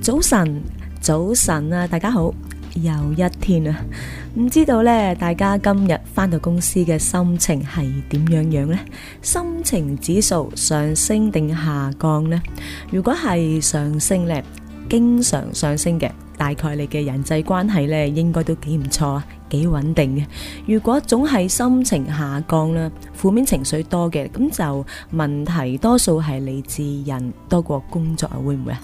早晨，早晨啊！大家好，又一天啊！唔知道咧，大家今日返到公司嘅心情係點樣樣咧？心情指數上升定下降咧？如果係上升咧，經常上升嘅，大概你嘅人際關係咧應該都幾唔錯啊，幾穩定嘅。如果總係心情下降啦，負面情緒多嘅，咁就問題多數係嚟自人多過工作啊？會唔會啊？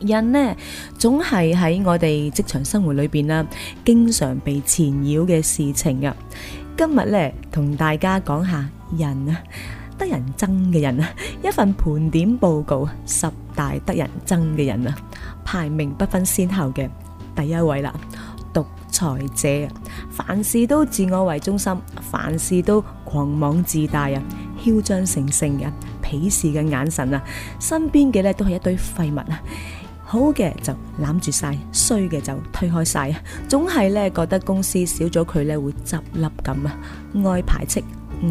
人呢，總係喺我哋職場生活裏邊啦，經常被纏繞嘅事情啊。今日呢，同大家講下人啊，得人憎嘅人啊，一份盤點報告，十大得人憎嘅人啊，排名不分先後嘅第一位啦，獨裁者，凡事都自我為中心，凡事都狂妄自大啊，囂張成性嘅，鄙視嘅眼神啊，身邊嘅呢，都係一堆廢物啊。好嘅就攬住晒，衰嘅就推開晒，總係呢，覺得公司少咗佢呢會執笠咁啊，愛排斥，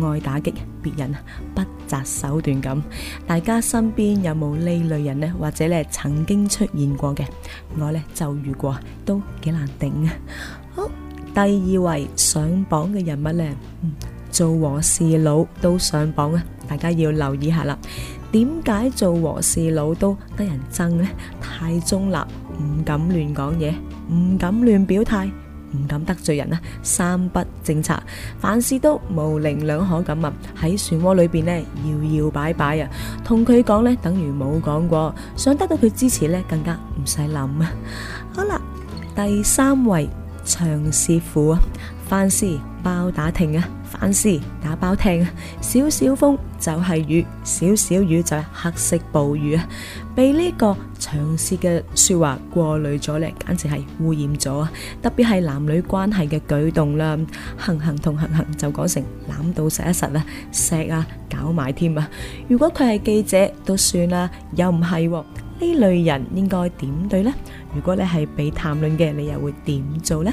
愛打擊別人，不擇手段咁。大家身邊有冇呢類人呢？或者呢曾經出現過嘅，我呢，就遇過，都幾難頂啊。好，第二位上榜嘅人物呢，嗯，做和事佬都上榜啊，大家要留意下啦。點解做和事佬都得人憎咧？太中立，唔敢亂講嘢，唔敢亂表態，唔敢得罪人啊！三不政策，凡事都模棱兩可咁啊！喺漩渦裏邊咧搖搖擺擺啊，同佢講咧等於冇講過，想得到佢支持咧更加唔使諗啊！好啦，第三位長師傅啊，凡事包打聽啊！凡事打包聽，少少風就係雨，少少雨就係黑色暴雨啊！被呢個長舌嘅說話過濾咗咧，簡直係污染咗啊！特別係男女關係嘅舉動啦，行行同行行就講成攬到實一實啊，錫啊搞埋添啊！如果佢係記者都算啦，又唔係呢類人應該點對呢？如果你係被談論嘅，你又會點做呢？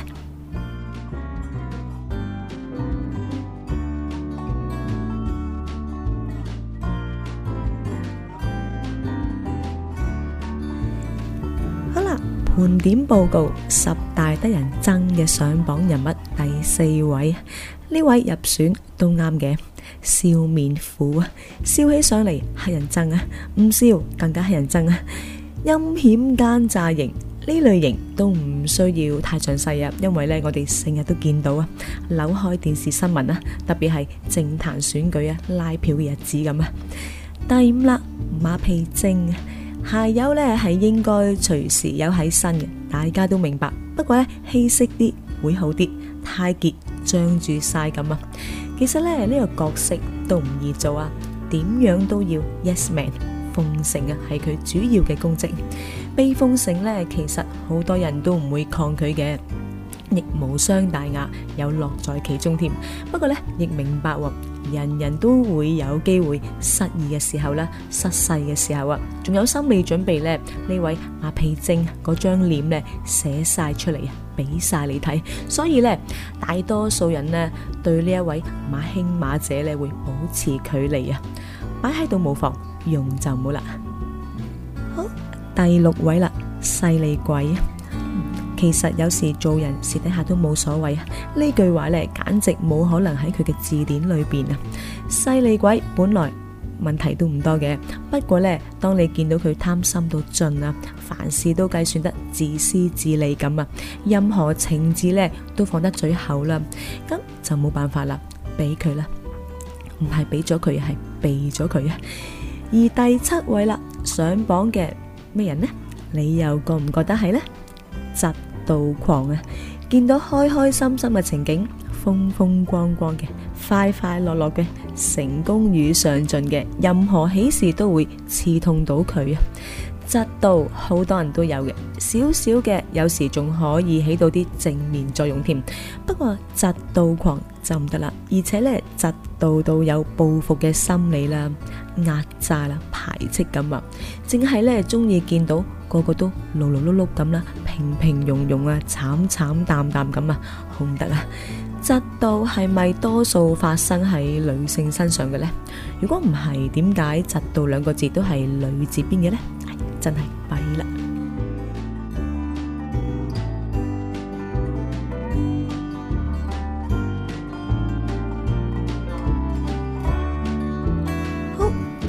好啦，盤點報告十大得人憎嘅上榜人物第四位，呢位入選都啱嘅，笑面虎啊，笑起上嚟係人憎啊，唔笑更加係人憎啊，陰險奸詐型，呢類型都唔需要太詳細啊，因為呢我哋成日都見到啊，扭開電視新聞啊，特別係政壇選舉啊，拉票嘅日子咁啊，第五啦，馬屁精啊。鞋油咧係應該隨時有喺身嘅，大家都明白。不過咧，稀釋啲會好啲，太結將住晒咁啊！其實咧，呢個角色都唔易做啊，點樣都要 Yes Man 奉承嘅係佢主要嘅功績。被奉承咧，其實好多人都唔會抗拒嘅，亦無傷大雅，有樂在其中添。不過咧，亦明白喎。人人都會有機會失意嘅時候咧，失勢嘅時候啊，仲有心理準備咧。呢位馬屁精嗰張臉咧，寫晒出嚟，俾晒你睇。所以咧，大多數人咧對呢一位馬兄馬姐咧，會保持距離啊。擺喺度冇妨，用就冇啦。好、哦，第六位啦，勢利鬼。其實有時做人，私底下都冇所謂啊！呢句話咧，簡直冇可能喺佢嘅字典裏邊啊！犀利鬼，本來問題都唔多嘅，不過咧，當你見到佢貪心到盡啊，凡事都計算得自私自利咁啊，任何情字咧都放得最後啦，咁就冇辦法啦，俾佢啦，唔係俾咗佢，係避咗佢啊！而第七位啦，上榜嘅咩人呢？你又覺唔覺得係咧？疾妒狂啊！見到開開心心嘅情景，風風光光嘅，快快樂樂嘅，成功與上進嘅，任何喜事都會刺痛到佢啊！嫉妒好多人都有嘅，少少嘅有時仲可以起到啲正面作用添。不過嫉妒狂就唔得啦，而且咧，嫉妒到有報復嘅心理啦，壓榨啦，排斥咁啊！淨係咧中意見到個個都碌碌碌碌咁啦。平平庸庸啊，慘慘淡淡咁啊，好唔得啊！嫉妒係咪多數發生喺女性身上嘅呢？如果唔係，點解嫉妒兩個字都係女字邊嘅呢？哎，真係弊啦！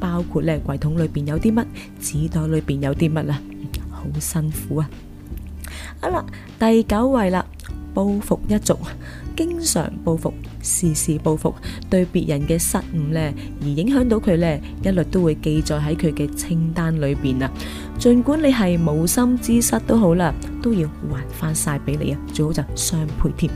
包括咧，櫃桶裏邊有啲乜，紙袋裏邊有啲乜啦，好辛苦啊！好啦，第九位啦，報復一族，經常報復，時時報復，對別人嘅失誤咧，而影響到佢咧，一律都會記載喺佢嘅清單裏邊啦。盡管你係無心之失都好啦，都要還翻晒俾你啊！最好就雙倍添。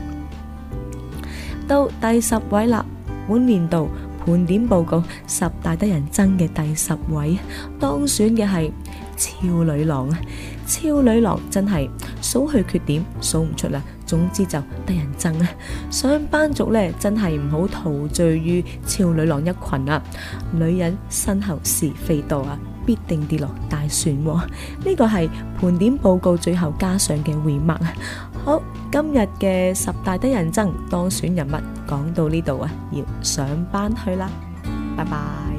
到第十位啦，本年度。盤點報告十大得人憎嘅，第十位當選嘅係超女郎啊！超女郎真係數佢缺點數唔出啦，總之就得人憎啊！上班族咧，真係唔好陶醉於超女郎一群啊！女人身後是非多啊，必定跌落大船。呢個係盤點報告最後加上嘅回墨啊！好，今日嘅十大得人憎當選人物講到呢度啊，要上班去啦，拜拜。